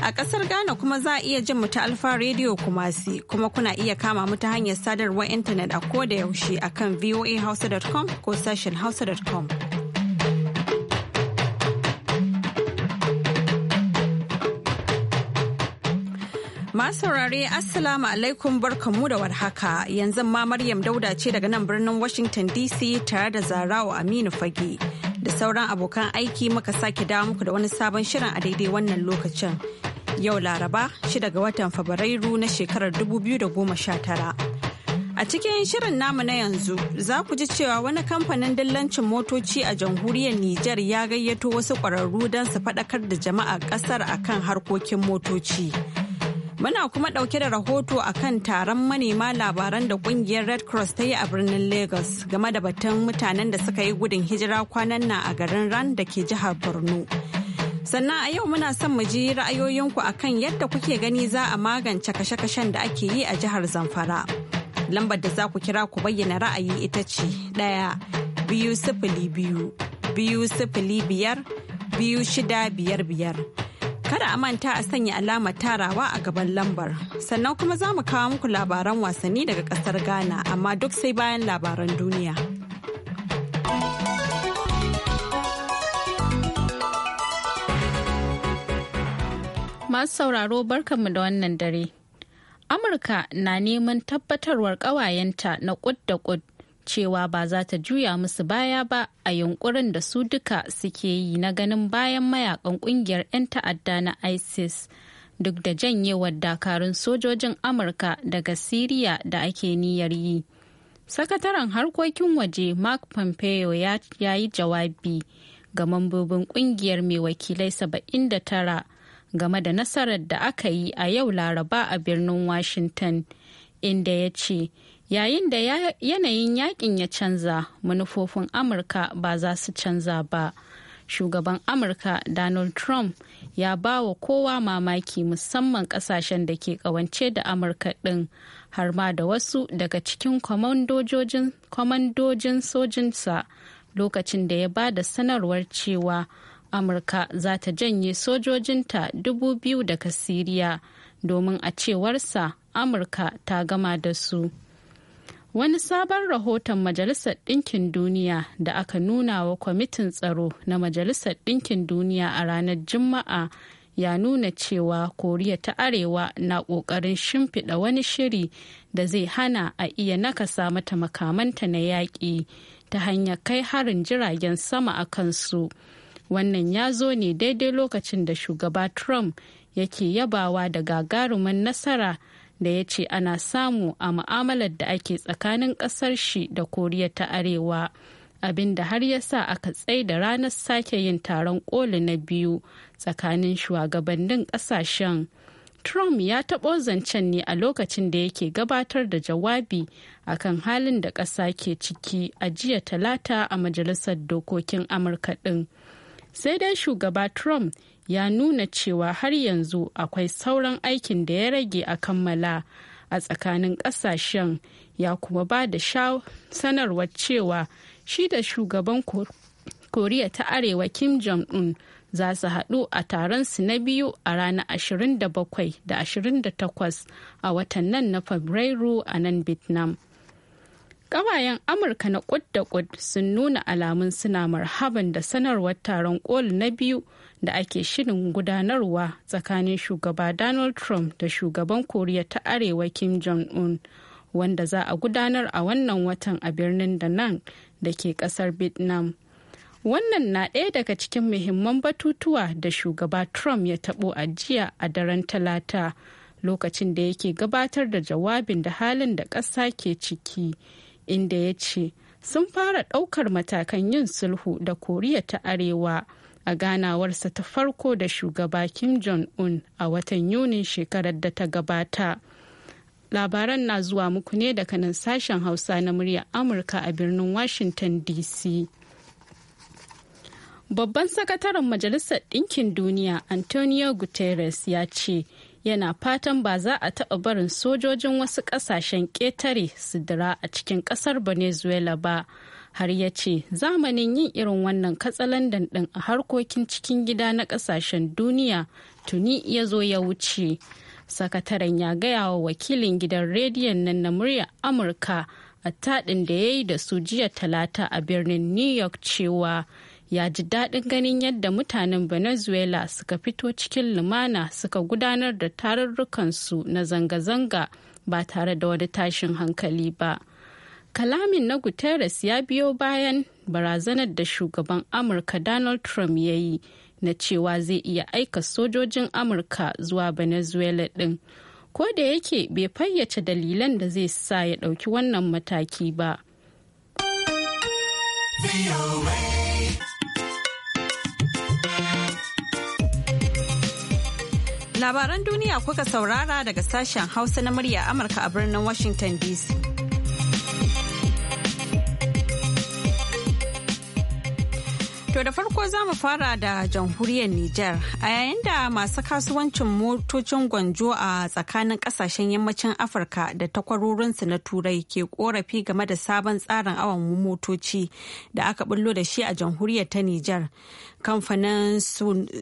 A ƙasar Ghana kuma za a iya jin mu ta Alfa Radio Kumasi kuma kuna iya kama mu ta hanyar sadarwar intanet a ko da yaushe a kan voahausa.com ko sashen hausa.com. Masaurare saurare Assalamu alaikum barkanmu da warhaka yanzu ma Maryam Dauda ce daga nan birnin Washington DC tare da Zarawa Aminu Fage. da sauran abokan aiki muka sake dawo muku da wani sabon shirin a daidai wannan lokacin. Yau Laraba, 6 ga watan Fabrairu na shekarar 2019. A cikin shirin namu na yanzu za ku ji cewa wani kamfanin dillancin motoci a jamhuriyar Nijar ya gayyato wasu kwararru don su faɗakar da jama'a ƙasar akan harkokin motoci. Muna kuma ɗauke da rahoto a kan taron manema labaran da ƙungiyar Red Cross ta yi a birnin Lagos game da batun mutanen da suka yi gudun hijira kwanan nan a garin Ran da ke jihar Borno. Sannan a yau muna son mu ji ra'ayoyinku a kan yadda kuke gani za a magance kashe-kashen da ake yi a jihar Zamfara. Lambar da za ku kira ku bayyana ra'ayi ita ce ɗaya biyu sifili biyu biyu sifili biyar biyu shida biyar biyar. Kada a manta a sanya alamar tarawa a gaban lambar. Sannan kuma za mu kawo muku labaran wasanni daga kasar Ghana amma duk sai bayan labaran duniya. Masu sauraro barkanmu da wannan dare. Amurka na neman tabbatarwar ƙawayenta na ƙud da ƙud cewa ba za ta juya musu baya ba a yunkurin da su duka suke yi na ganin bayan mayakan kungiyar 'yan ta'adda na isis duk da janyewar dakarun sojojin amurka daga siriya da ake niyyar yi sakataren harkokin waje mark pompeo ya yi jawabi ga mambobin kungiyar mai wakilai 79 game da nasarar da aka yi a yau laraba a birnin washington inda ya ce yayin da yanayin yakin ya canza manufofin amurka ba za su canza ba shugaban amurka donald trump ya ba wa kowa mamaki musamman kasashen da ke kawance da amurka din har ma da wasu daga cikin kwamandojin sojinsa lokacin da ya ba da sanarwar cewa amurka za ta janye sojojinta dubu biyu daga siriya domin a cewarsa amurka ta gama da su wani sabon rahoton majalisar ɗinkin duniya da aka nuna wa kwamitin tsaro na majalisar ɗinkin duniya a ranar juma'a ya nuna cewa koriya ta arewa na ƙoƙarin shimfiɗa wani shiri da zai hana a iya nakasa mata makamanta na yaƙi ta hanyar kai harin jiragen sama a kansu wannan ya zo ne daidai lokacin da shugaba trump yake yabawa da gagarumin nasara da ya ce ana samu a mu'amalar da ake tsakanin ƙasar shi da koriya ta arewa abin da har ya sa aka tsai da ranar sake yin taron koli na biyu tsakanin shugabannin ƙasashen trump ya taɓo zancen ne a lokacin da yake gabatar da jawabi akan halin da ƙasa ke ciki a jiya talata a majalisar dokokin amurka ɗin sai dai shugaba trump ya nuna cewa har yanzu akwai sauran aikin da ya rage a kammala a tsakanin ƙasashen ya kuma ba da sanarwar cewa shi da shugaban koriya ta arewa kim jong-un za su haɗu a taron su na biyu a ranar 27 da 28 a watan nan na fabrairu a nan vietnam Ƙawayen Amurka na ƙud da ƙud sun nuna alamun suna marhaban da sanarwar taron kol na biyu da ake shirin gudanarwa tsakanin shugaba donald trump da shugaban koriya ta arewa kim jong-un wanda za a gudanar a wannan watan a birnin da nan da ke kasar vietnam wannan na ɗaya daga cikin muhimman batutuwa da shugaba trump ya taɓo a jiya a daren talata lokacin da yake gabatar da jawabin da halin da ƙasa ke ciki inda ya ce sun fara ɗaukar matakan yin sulhu da koriya ta arewa a ganawarsa ta farko da shugaba Kim Jong-un a watan Yunin shekarar da ta gabata. Labaran na zuwa muku ne daga nan sashen Hausa na muryar Amurka a birnin Washington DC. Babban sakataren Majalisar Ɗinkin Duniya Antonio Guterres ya ce yana fatan ba za a taɓa barin sojojin wasu ƙasashen ƙetare su dira a cikin ƙasar Venezuela ba. har ya ce zamanin yin irin wannan katsalandan ɗin a harkokin cikin gida na ƙasashen duniya tuni ya zo ya wuce sakataren ya gaya wa wakilin gidan rediyon nan na murya amurka a taɗin da ya yi da su jiya talata a birnin new york cewa ya ji daɗin ganin yadda mutanen venezuela suka fito cikin lumana suka gudanar da tarurrukansu na zanga-zanga ba tare da wani tashin hankali ba. kalamin na guterres ya biyo bayan barazanar da shugaban amurka donald trump ya yi na cewa zai iya aika sojojin amurka zuwa venezuela din ko da yake bai fayyace dalilan da zai sa ya ɗauki wannan mataki ba labaran duniya kuka saurara daga sashen hausa na murya amurka a birnin washington dc To da farko za mu fara da jamhuriyar Nijar a yayin da masu kasuwancin motocin gwanjo a tsakanin kasashen yammacin Afirka da takwarorinsu na turai ke korafi game da sabon tsarin awon motoci da aka bullo da shi a jamhuriyar ta Nijar. kamfanin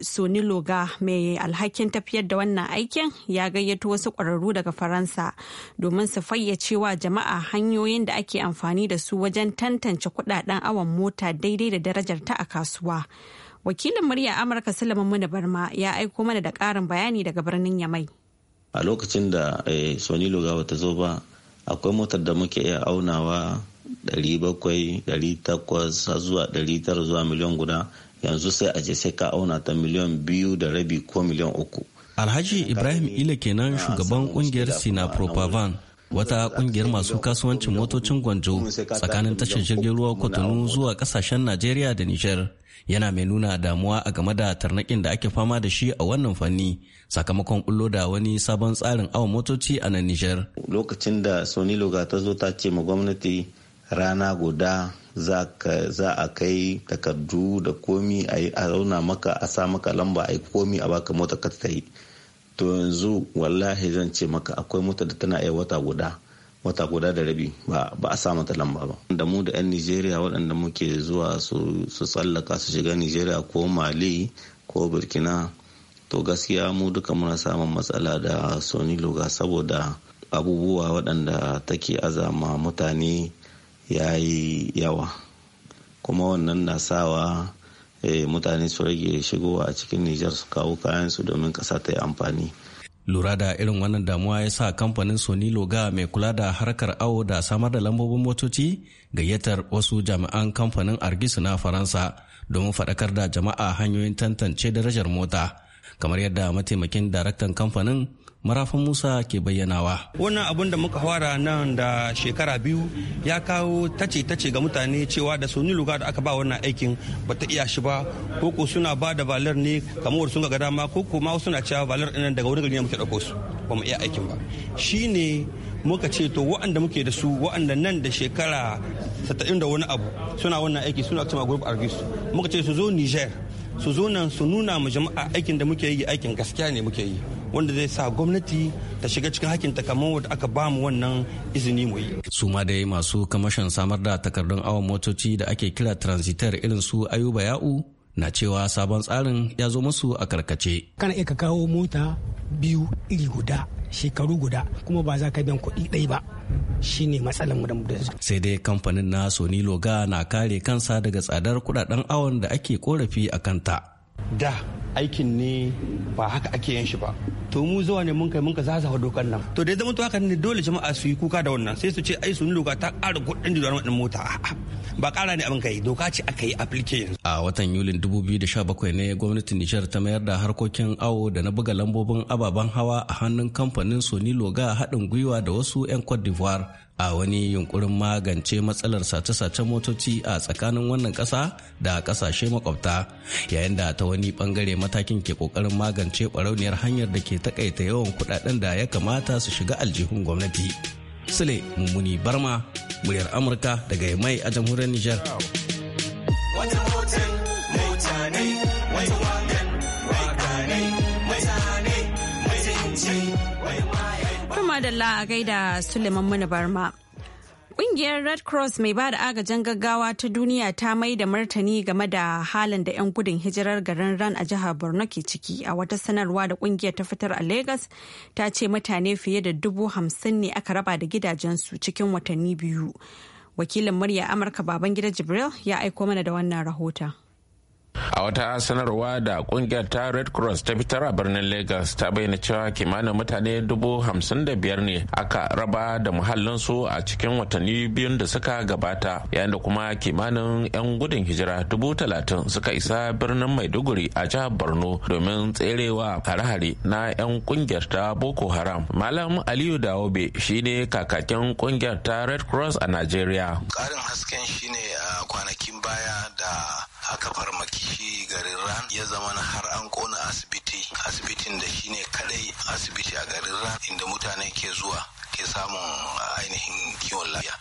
suniloga mai alhakin tafiyar da wannan aikin ya gayyato wasu ƙwararru daga faransa domin su fayyace wa jama'a hanyoyin da ake amfani da su wajen tantance kudaden awon mota daidai da darajar ta a kasuwa wakilin murya amurka sulaiman muna barma ya aiko mana da ƙarin bayani daga birnin yamai a lokacin da eh, soniloga bata zo ba akwai motar da muke iya aunawa 700 800 zuwa 900 zuwa miliyan guda yanzu sai a je sai ka auna ta miliyan biyu da rabi ko miliyan uku alhaji ibrahim ile kenan shugaban kungiyar sina propavan wata kungiyar masu kasuwancin motocin gwanjo tsakanin tashar jirgin ruwa kwatano zuwa kasashen najeriya da nijar yana mai nuna damuwa a game da tarnakin da ake fama da shi a wannan fanni sakamakon bullo da wani sabon tsarin awon motoci a nan nijar lokacin da sonilo ta zo ta ce ma gwamnati rana guda za a kai takardu da komi a yi a maka a sa maka lamba a yi komi a baka mota ka ta yi to yanzu wallahi zan ce maka akwai mota da tana yi wata guda wata guda da rabi ba a sa mata lamba ba da mu da 'yan nigeria waɗanda muke zuwa su tsallaka su shiga nigeria ko mali ko burkina to gaskiya mu duka muna samun matsala da sony ga saboda abubuwa waɗanda take azama mutane ya yi yawa kuma wannan na sawa eh, mutane su rage shigowa a cikin nijar su kawo kayan su domin kasa ta yi amfani lura da irin wannan damuwa ya sa kamfanin sony loga mai kula da harkar awo da samar da lambobin motoci gayyatar wasu jami'an kamfanin argisu na faransa domin faɗakar da jama'a hanyoyin tantance darajar mota kamar yadda mataimakin daraktan kamfanin marafan musa ke bayyanawa wannan abun da muka fara nan da shekara biyu ya kawo tace tace ga mutane cewa da suni luga da aka ba wannan aikin ta iya shi ba ko ko suna ba da balar ne kamar sun ga dama ko ko ma suna cewa balar ɗin daga wani gari ne muke ɗauko su ba mu iya aikin ba shine muka ce to waɗanda muke da su waɗanda nan da shekara 70 da wani abu suna wannan aiki suna cewa group argus muka ce su zo niger su zo nan su nuna mu jama'a aikin da muke yi aikin gaskiya ne muke yi wanda zai sa gwamnati ta shiga cikin hakin kamar wadda aka ba mu wannan izini mu yi. su ma dai masu kamashin samar da takardun awon motoci da ake kira transiter irin su ayuba ya'u na cewa sabon tsarin ya zo musu a karkace. kana iya ka kawo mota biyu iri guda shekaru guda kuma ba za ka biyan kuɗi ɗaya ba shi ne matsalar mu da sai dai kamfanin na sony loga na kare kansa daga tsadar kuɗaɗen awon da ake korafi a kanta da aikin ne ba haka ake yin shi ba to mu zuwa ne mun kai mun ka zaza wa dokan nan to da ya zama to haka ne dole jama'a su yi kuka da wannan sai su ce ai sun doka ta ƙara kuɗin da mota ba kara ne abin kai doka ce aka yi aplike yanzu a watan yulin 2017 ne gwamnatin nijar ta mayar da harkokin awo da na buga lambobin ababen hawa a hannun kamfanin Sony loga haɗin gwiwa da wasu 'yan cote d'ivoire a wani yunkurin magance matsalar sace-sace motoci a tsakanin wannan ƙasa da ƙasashe makwabta yayin da ta wani ɓangare matakin ke ƙoƙarin magance ɓarauniyar hanyar da ke takaita yawan kuɗaɗen da ya kamata su shiga aljihun gwamnati. Sule Mummuni Barma, muryar Amurka daga mai a jamhuriyar Nijar. Kuma da a gaida Suleiman Muni Barma. Ƙungiyar Red Cross mai ba da agajin gaggawa ta duniya ta mai da martani game da halin da 'yan gudun hijirar garin Ran a jihar Borno ke ciki a wata sanarwa da ƙungiyar ta fitar a Legas ta ce mutane fiye da dubu hamsin ne aka raba da gidajensu cikin watanni biyu. Wakilin murya Amurka baban Babangida Jibril ya aiko mana da wannan rahoton. a wata sanarwa da kungiyar ta red cross ta fitar a birnin lagos ta bayyana cewa kimanin mutane dubu hamsin da biyar ne aka raba da muhallinsu a cikin watanni biyun da suka gabata yayin da kuma kimanin 'yan gudun hijira dubu talatin suka isa birnin maiduguri a jihar borno domin tserewa hare-hare na 'yan kungiyar ta boko haram malam aliyu dawobe shine kakakin kungiyar ta red cross a nigeria ƙarin hasken shine a kwanakin baya da aka farmaki shi garin ran ya zama na har an kona asibiti asibitin da shine kadai asibiti a garin ran inda mutane ke zuwa ke samun ainihin kiwon lafiya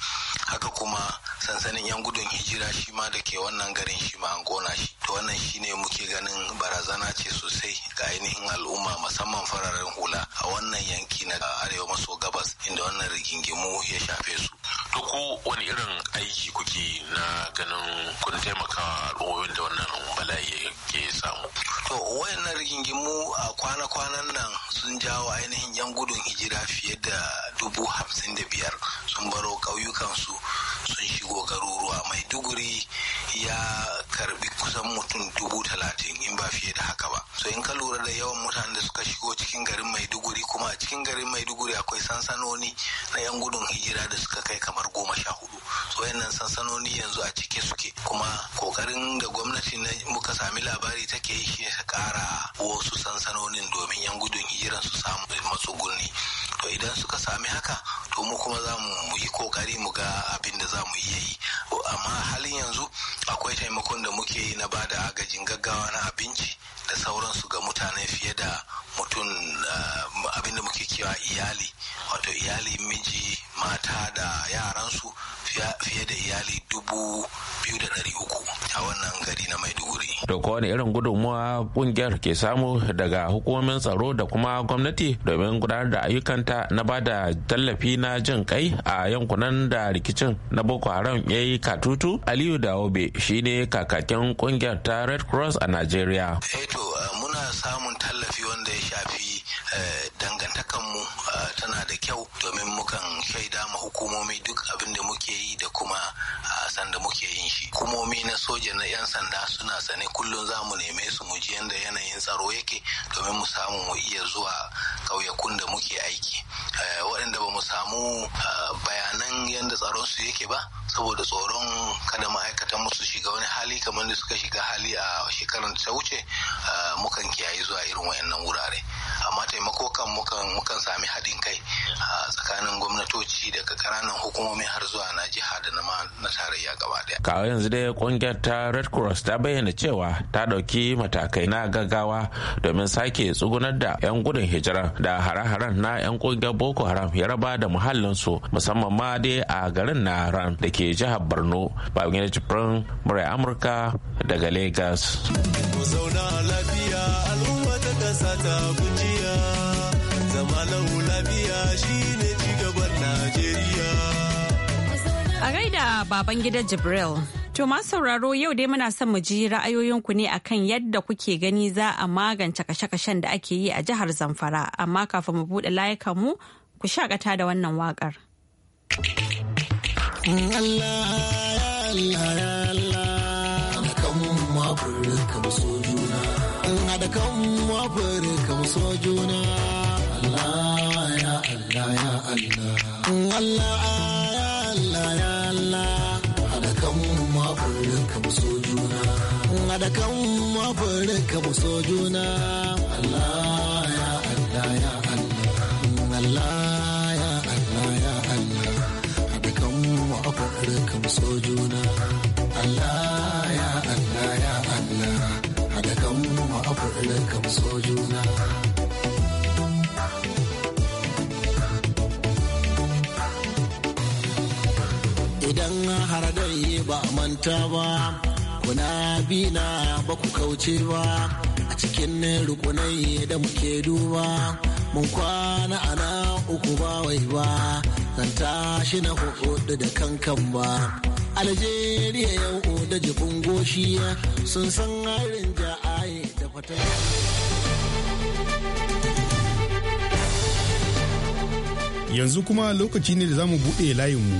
haka kuma sansanin yan gudun hijira shi ma da ke wannan garin shi ma an kona shi to wannan shine muke ganin barazana ce sosai ga ainihin al'umma musamman fararen hula a wannan yanki na arewa maso gabas inda wannan rigingimu ya shafe su Duk wani irin aiki kuke na ganin kun taimaka al'ummomin da wannan bala'i ke samu to wayannan rigingimu a kwana-kwanan nan sun jawo ainihin yan gudun hijira fiye da dubu hamsin da biyar sun baro ƙauyukansu sun shigo garuruwa mai duguri ya karbi kusan mutum dubu talatin in ba fiye da haka ba so in ka lura da yawan mutane da suka shigo cikin garin maiduguri kuma a cikin garin maiduguri akwai sansanoni na yan gudun hijira da suka kai kamar goma sha hudu so wayannan sansanoni yanzu a cike suke kuma kokarin da gwamnati na muka sami labari take yi shi ta kara wasu sansanonin domin yan gudun hijiran su samu matsuguni. to idan suka sami haka to mu kuma za mu yi kokari mu ga abin da za mu iya yi amma halin yanzu akwai taimakon da muke yi na bada agajin gaggawa na abinci da sauransu ga mutane fiye da mutum eh, abin da muke kewa iyali wato iyali miji mata da yaransu fiye da iyali dubu biyu da ɗari uku a wannan gari na maiduguri da wani irin gudunmuwa kungiyar ke samu daga hukumomin tsaro da kuma gwamnati domin gudanar da ayyukanta na ba da tallafi na jin kai a yankunan da rikicin na boko haram ya yi katutu aliyu dawobe shine kakakin kungiyar ta red cross a nigeria eh muna samun tallafi wanda ya shafi eh, kanmu ah, tana da kyau domin mukan shaida ma hukumomi duk abin da muke yi da kuma ah, sanda muke yin shi hukumomi na soja na 'yan sanda suna sane kullum za mu neme su mu ji yadda yanayin tsaro yake domin mu samu mu iya zuwa ƙauyakun da muke aiki eh, waɗanda ba mu samu ah, bayanan yadda tsaron su yake ba saboda tsoron kada ma'aikatan mu su shiga wani hali kamar da suka shiga hali a shekarar da ta wuce mukan kiyaye zuwa irin wayannan wurare amma taimako kan mukan sami haɗin kai a tsakanin gwamnatoci daga ƙananan hukumomi har zuwa na jiha da na tarayya gaba ɗaya. Kawo yanzu dai ƙungiyar ta Red Cross ta bayyana cewa ta ɗauki matakai na gaggawa domin sake tsugunar da 'yan gudun hijira da hare-haren na 'yan ƙungiyar Boko Haram ya raba da muhallinsu musamman ma dai a garin na Ran da ke jihar Borno. Babangida Jibrin, Murai Amurka daga Lagos. Zauna lafiya al'umma. kasa ta kujiya zama A gaida baban gida Jibril. To ma sauraro yau dai muna son mu ji ra'ayoyinku ne akan yadda kuke gani za a magance kashe-kashen da ake yi a jihar Zamfara amma kafin mu buɗe layukan mu ku shakata da wannan waƙar. Mm, Allah Allah Allah ya Allah ya Allah hada kan mu mafarin ka mu so juna hada kan mu mafarin ka mu so juna Allah ya Allah ya idan har dai ba manta ba kuna bina ba ku kauce ba a cikin rukunai da muke duba mun kwana ana uku ba wai ba zan tashi na hudu da kankan ba Algeria yau da jibin goshi sun san harin ja'aye da fatan. Yanzu kuma lokaci ne da za mu buɗe layinmu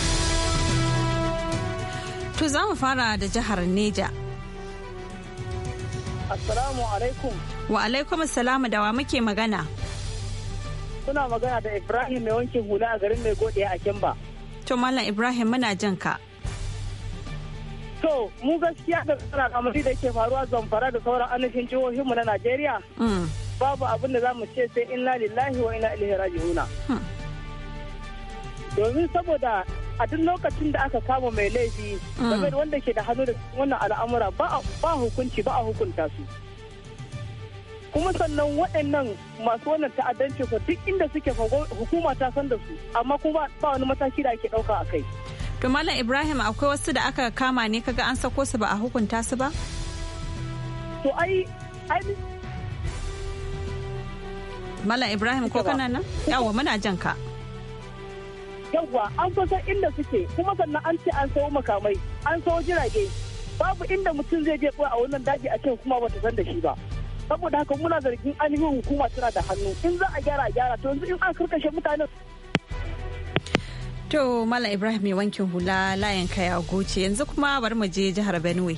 To za mu fara da jihar Neja. Assalamu alaikum. Wa alaikum assalamu da wa muke magana. Suna magana da Ibrahim mai wankin hula a garin mai gode a Kimba. To Malam Ibrahim muna jin ka. To mu gaskiya da tsara kamari da ke faruwa zamfara da sauran jihohin mu na Najeriya. Mm. Babu abin da za mu ce sai inna lillahi wa inna ilaihi raji'una. Hmm. Domin saboda a duk lokacin da aka kama mai laifi mm. game da wanda ke da hannu da wannan al'amura ba hukunci ba a hukunta su kuma sannan waɗannan masu wannan ta'addanci ko duk inda suke hukuma ta san da su amma kuma ba wani mataki da ake ɗauka a kai to malam ibrahim akwai wasu da aka kama ne kaga an sako su ba a hukunta su ba to ai ai malam ibrahim ko kana nan yawa muna jan ka yawwa an san inda suke kuma sannan an ce an sayo makamai an sayo jirage babu inda mutum zai je a wannan daji a can kuma bata san da shi ba saboda haka muna zargin ainihin hukuma tana da hannu in za a gyara gyara to yanzu in an karkashe mutanen To Mala Ibrahim ya wankin hula layan kaya goce yanzu kuma bari mu je jihar Benue.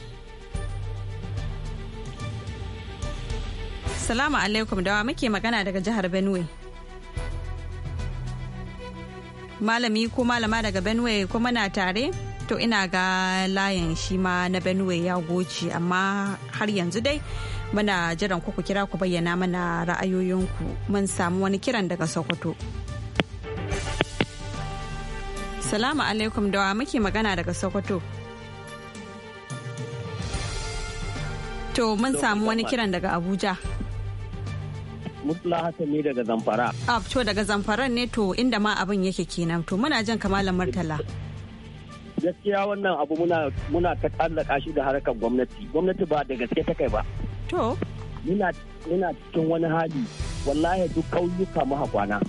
Salamu alaikum dawa muke magana daga jihar Benue. malami ko malama daga benue kuma mana tare to ina ga layin shi ma na benue ya goce amma har yanzu dai muna jiran ku kira ku bayyana mana ra'ayoyinku mun samu wani kiran daga sokoto salamu alaikum da muke magana daga sokoto to mun samu wani kiran daga abuja Mutula Hassan ne daga Zamfara. A to daga Zamfara ne to inda ma abin yake kenan to muna jan kamalan Murtala. Gaskiya wannan abu muna muna ta kallaka shi da harkar gwamnati. Gwamnati ba da gaske ta kai ba. To. Muna muna cikin wani hali wallahi duk kauyuka maha kwana.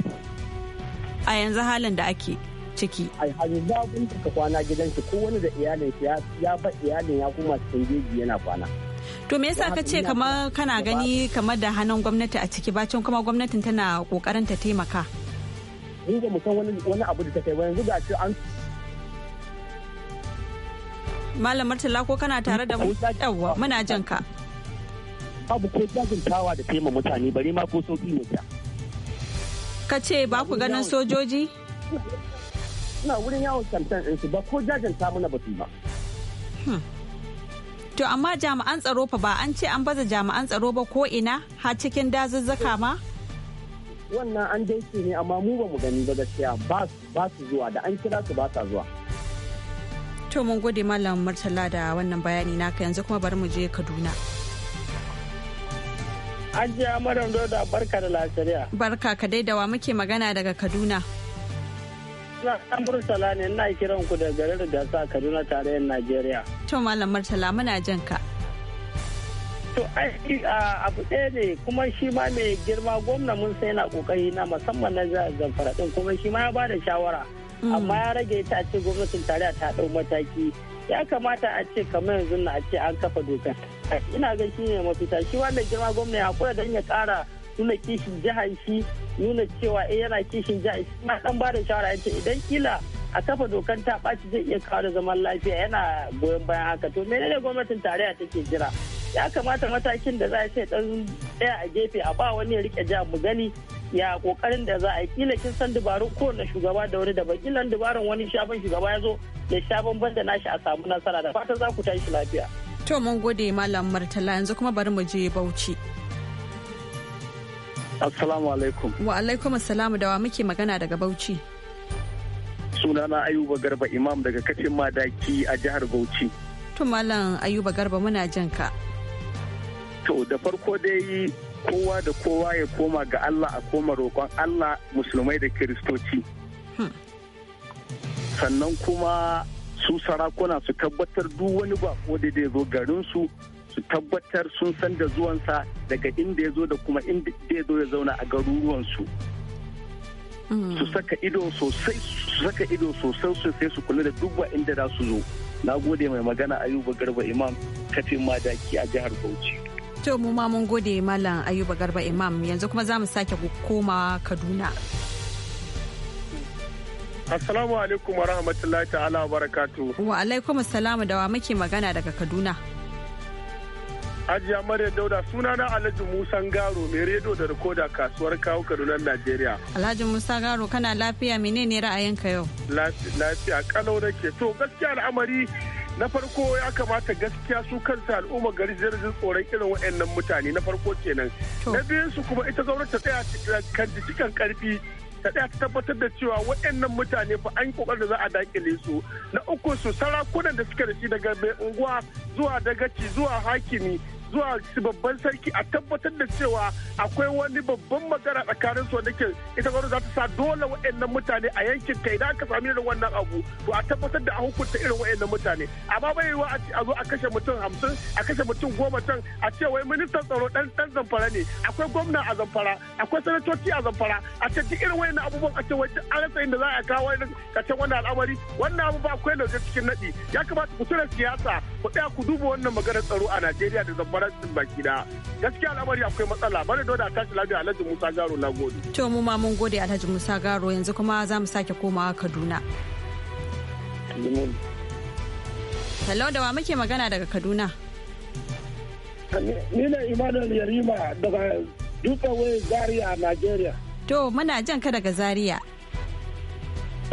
A yanzu halin da ake ciki. A yanzu za ka kwana gidan ko wani da iyalin ya ba iyalin ya kuma cikin jeji yana kwana. To me yasa ka ce kamar kana gani kamar da hannun gwamnati a ciki bacin kuma gwamnatin tana kokarin ta taimaka? Ni ba mu san wani abu da ta kai yanzu ga an Malam Murtala ko kana tare da mu? Yawwa muna jan ka. Babu ko jajintawa da taimaka mutane bare ma ko sauki ne ta. Ka ce ba ku ganin sojoji? Ina wurin yawon kamfen ɗinsu ba ko jajinta mana ba su ba. Hmm. To amma jami'an tsaro fa ba an ce an baza jami'an tsaro ba ko ina har cikin dazuzzuka ma? Wannan an dace ne amma mu ba mu gani ba gaskiya ba su zuwa da an kira su ba sa zuwa. To mun gode Malam Murtala da wannan bayani naka yanzu kuma bari mu je Kaduna. Ajiya Maryam Doda barka da lafiya. Barka ka dai da wa muke magana daga Kaduna. Ɗan Murtala ne ina kiran ku da garin Gasa Kaduna tarayyar Najeriya. To Malam Murtala muna jan ka. to ai abu ɗaya ne kuma shi ma mai girma gwamna mun sai yana kokari na musamman na zamfara din kuma shi ma ya ba da shawara mm. amma ya rage ta ce gwamnatin tarayya ta dau mataki ya kamata a ce kamar yanzu na a ce an kafa doka ina ga shi ne mafita shi wanda girma gwamna ya kula don ya kara. nuna kishin jihar shi nuna cewa eh yana kishin jihar shi ma dan ba shawara yace idan kila a kafa dokan ta baci zai iya kawo da zaman lafiya yana goyon bayan haka to menene gwamnatin tarayya take jira ya kamata matakin da za a ce dan tsaya a gefe a ba wani ya rike jiha mu gani ya kokarin da za a yi kila kin san dabarun kowane shugaba da wani da kila dabarun wani shaban shugaba ya zo ya sha banda nashi a samu nasara da fata za ku tashi lafiya. to mun gode malam martala yanzu kuma bari mu je bauchi. Assalamu alaikum. Wa alaikum assalamu da wa muke magana daga Bauchi. Sunana Ayuba Garba Imam daga kacin madaki a jihar Bauchi. To Malam Ayuba Garba muna jan ka. To da farko dai kowa da kowa ya koma ga Allah a koma roƙon Allah musulmai da kiristoci. Hmm. Sannan kuma su sarakuna su tabbatar duk wani bako da zai zo garinsu su tabbatar sun san da zuwansa daga inda ya zo da kuma inda ya zo ya zauna a garuruwansu mm. su saka ido sosai su saka ido sosai sosai su kula da duk wa inda za su zo na gode mai magana ayuba garba imam kafin madaki a jihar bauchi to mu ma mun gode malam ayuba garba imam yanzu kuma za mu sake koma kaduna assalamu alaikum wa rahmatullahi ta'ala wa barakatuhu wa alaikum assalamu da wa muke magana daga kaduna ajiya mare Dauda suna na Alhaji Musa Garo mai redo da rikoda kasuwar kawo Kaduna Najeriya. Alhaji Musa Garo kana lafiya menene ka yau? Lafiya kalau nake to gaskiya al'amari na farko ya kamata gaskiya su kansa al'umma gari jirgin tsoron irin waɗannan mutane na farko kenan. Na biyun su kuma ita zaune ta tsaya kan jikin karfi ta tsaya ta tabbatar da cewa waɗannan mutane fa an kokarin da za a dakile su na uku su sarakunan da suka da shi daga mai unguwa zuwa dagaci zuwa hakimi zuwa babban sarki a tabbatar da cewa akwai wani babban magana tsakanin su wanda ke ita gwamnati za ta sa dole wa'annan mutane a yankin kai idan aka sami irin wannan abu to a tabbatar da a hukunta irin wa'annan mutane amma bai yiwa a zo a kashe mutum hamsin a kashe mutum goma can a ce wai ministan tsaro dan dan zamfara ne akwai gwamna a zamfara akwai sanatoci a zamfara a ce duk irin wa'annan abubuwan a ce wai an rasa inda za a kawo irin kacen wannan al'amari wannan abu ba akwai lauje cikin nadi ya kamata ku tura siyasa ku ɗaya ku duba wannan maganar tsaro a Najeriya da zambaran sun baki da gaskiya al'amari akwai matsala bari da da tashi lafiya Alhaji Musa Garo na gode. To mu ma mun gode Alhaji Musa Garo yanzu kuma za mu sake komawa Kaduna. Hello da wa muke magana daga Kaduna. Ni ne Emmanuel Yarima daga Dukawai Zaria, Najeriya. To muna jan ka daga Zaria.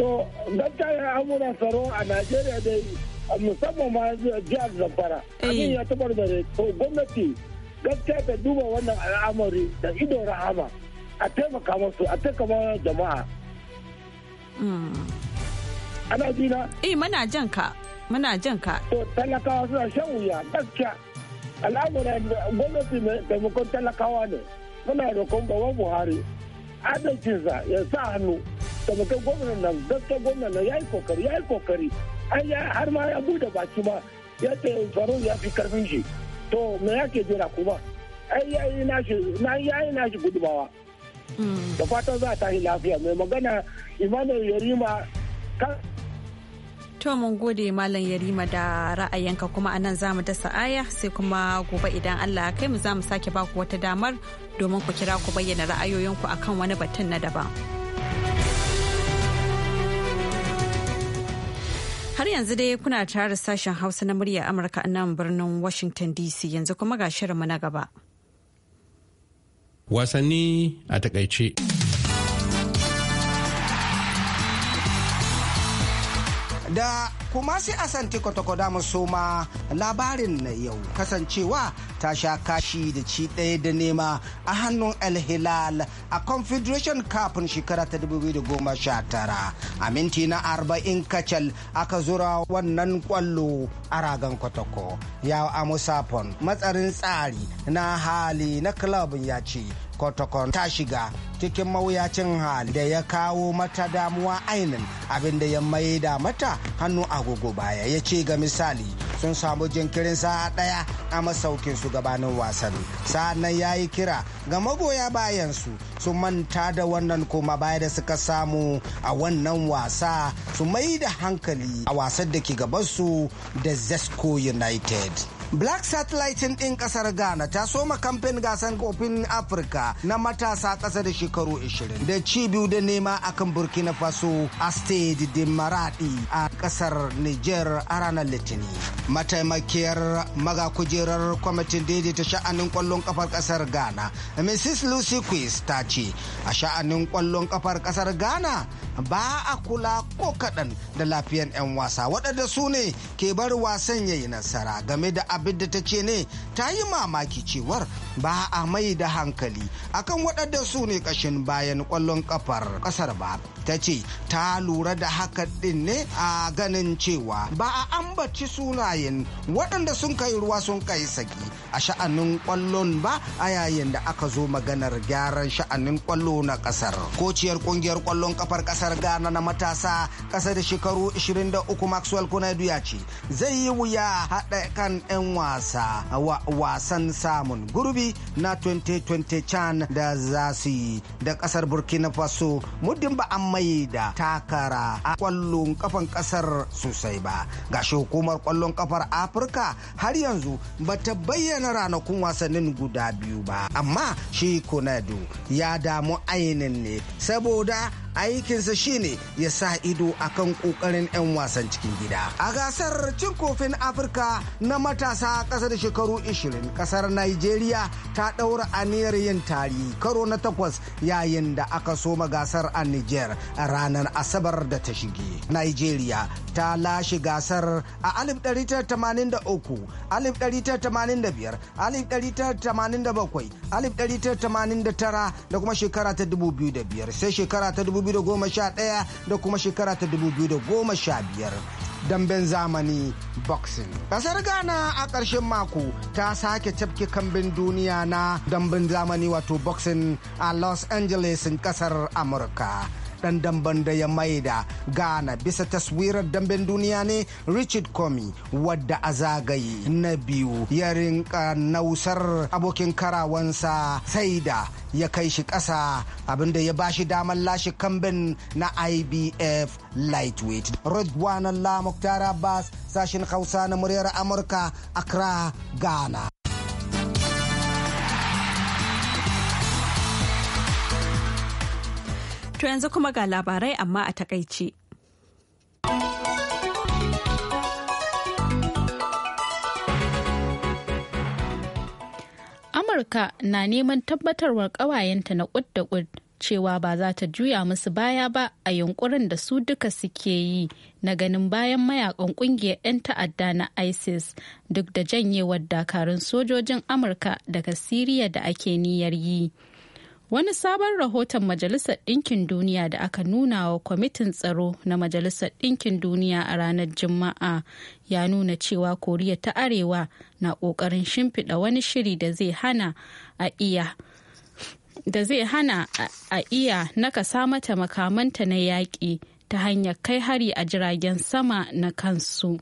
To gaskiya amuna tsaro a Najeriya dai musamman ma jihar zamfara eh. abin ya tabarbare to gwamnati gaskiya ta duba wannan al'amari da ido rahama a taimaka masu a taimaka jama'a hmm. ana jina eh mana jan ka mana jan ka to talakawa suna shan wuya gaskiya al'amuran gwamnati mai taimakon talakawa ne muna roƙon baban buhari adalcinsa ya sa hannu taimakon gwamnan nan gaskiya gwamnan nan ya yi kokari ya yi kokari har ma ya bude baki ma ya ce faru ya fi karfin shi to me yake jira kuma ai yayi nashi na yayi nashi gudubawa mm. da fatan za ta yi lafiya mai magana imanin yarima ka To mun gode Malam Yarima da ra'ayinka kuma a nan zamu dasa aya sai kuma gobe idan Allah ya kai mu zamu sake baku wata damar domin ku kira ku bayyana ra'ayoyinku akan wani batun na daban. Har yanzu dai kuna tare sashen Hausa na murya Amurka a nan birnin Washington DC yanzu kuma ga shirinmu na gaba. Wasanni a takaice. Da kuma sai a san kwatakwa, da soma labarin na yau kasancewa ta sha kashi da ci ɗaya da nema a hannun el hilal a confederation kafin shekara ta sha tara. a minti na arba'in kacal aka zura wannan kwallo a ragan kwatakwa ya musafon, matsarin tsari na hali na club ya ce kotokon ta shiga cikin mawuyacin hal da ya kawo mata damuwa ainin abinda ya da mata hannu agogo baya ya ce ga misali sun samu jinkirin sa'a ɗaya a masaukin su gabanin wasan nan ya yi kira ga magoya bayansu su manta da wannan kuma baya da suka samu a wannan wasa su mai da hankali a wasan da ke gabansu da zesco united Black Satellite ɗin ƙasar Ghana ta soma kamfen gasar kofin Afirka na matasa ƙasa da shekaru 20 da ci biyu da nema akan Burkina Faso a Stade de Maradi a ƙasar Niger a ranar litini. Mataimakiyar magakujerar kwamitin daidaita sha'anin ƙwallon kafar ƙasar Ghana, Mrs. Lucy Quiz ta ce a sha'anin ƙwallon ƙafar ƙasar Ghana ba a kula ko kaɗan da lafiyan 'yan wasa waɗanda su ne ke bar wasan yayi nasara game da abin da ta ce ne ta yi mamaki cewar ba a mai da hankali akan waɗanda su ne ƙashin bayan ƙwallon ƙafar ƙasar ba ta ce ta lura da haka din ne a ganin cewa ba a ambaci sunayen waɗanda sun kai ruwa sun kai saki a sha'anin kwallon ba a yayin da aka zo maganar gyaran sha'anin kwallo na ƙasar kociyar ƙungiyar kwallon kafar ƙasar ghana na matasa ƙasa da shekaru 23 maxwell kunadu ya ce zai yi wuya haɗa kan 'yan wasa wa wasan samun gurbi na 2020 chan da za yi da ƙasar burkina faso muddin ba an mai da takara a kwallon kafan kasar sosai ba gashi hukumar kwallon kafar afirka har yanzu ba ta bayyana ranakun wasannin guda biyu ba amma shi konadu ya damu ainin ne saboda aikinsa shine ya sa ido akan kokarin 'yan wasan cikin gida a gasar cin kofin afirka na matasa ƙasa da shekaru 20 kasar nigeria ta ɗaura aniyar yin tari karo na takwas yayin da aka soma gasar a niger ranar asabar da ta shige nigeria ta lashe gasar a 1983 1985 1987 da kuma shekara ta 2005 sai shekara ta 2011 da kuma shekara ta 2015. damben zamani boxing. Kasar Ghana a ƙarshen mako ta sake cafke kambin duniya na damben zamani wato boxing a Los Angeles kasar Amurka. dan damben da ya maida ghana bisa taswirar damben duniya ne richard comey wadda a zagaye na biyu ya rinka nausar abokin karawansa sai da ya kai shi ƙasa abinda ya ba shi damar lashe kambin na ibf lightweight rodwan allah muktar abbas sashin hausa na muryar amurka accra ghana To yanzu kuma ga labarai amma a takaice. Amurka na neman tabbatarwar ƙawayenta na ƙud da ƙud cewa ba za ta juya musu baya ba a yunkurin da su duka suke yi na ganin bayan mayakan ƙungiyar 'yan ta'adda na isis duk da janyewar dakarun sojojin amurka daga siriya da ake niyyar yi. Wani sabon rahoton Majalisar Ɗinkin Duniya da aka nuna wa Kwamitin Tsaro na Majalisar Ɗinkin Duniya a ranar Juma'a ya nuna cewa Koriya ta Arewa na ƙoƙarin shimfiɗa wani shiri da zai hana a iya. Da zai hana a iya nakasa mata makamanta na yaƙi ta hanyar kai hari a jiragen sama na kansu.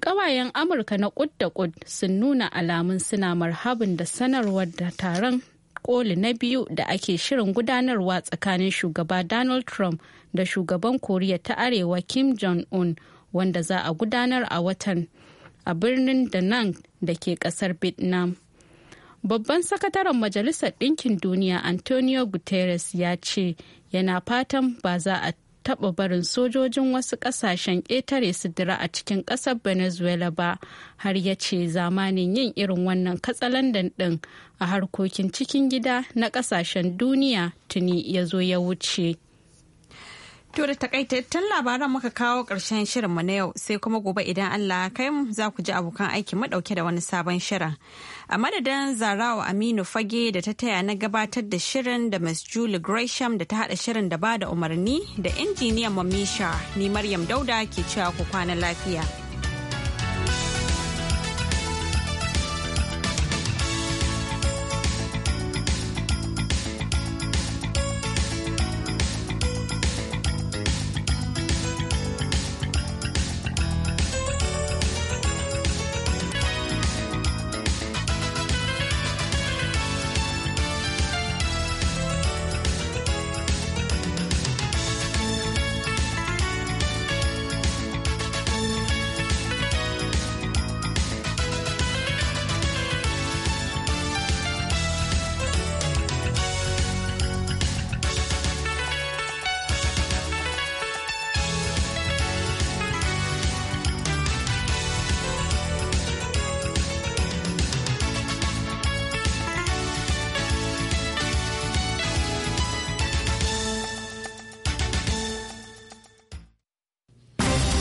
Ƙawayen Amurka na ƙud da ƙud sun nuna alamun suna marhabin da sanarwar da taron koli na biyu da ake shirin gudanarwa tsakanin shugaba donald trump da shugaban koriya ta arewa kim jong-un wanda za a gudanar a watan a birnin da nan da ke kasar vietnam babban sakataren majalisar ɗinkin duniya antonio guterres ya ce yana fatan ba za a taɓa barin sojojin wasu ƙasashen ƙetare su dira a cikin ƙasar venezuela ba har ya ce zamanin yin irin wannan katsalandan ɗin a harkokin cikin gida na ƙasashen duniya tuni ya zo ya wuce To da takaitattun labaran muka kawo ƙarshen mu na yau sai kuma gobe idan Allah kai za ku ji abokan aiki madauke da wani sabon shirin. a madadin zarawa aminu fage da ta taya na gabatar da shirin da miss julie gresham da ta hada shirin da ba da umarni da injiniyan mamisha ni maryam dauda ke cewa ku kwana lafiya.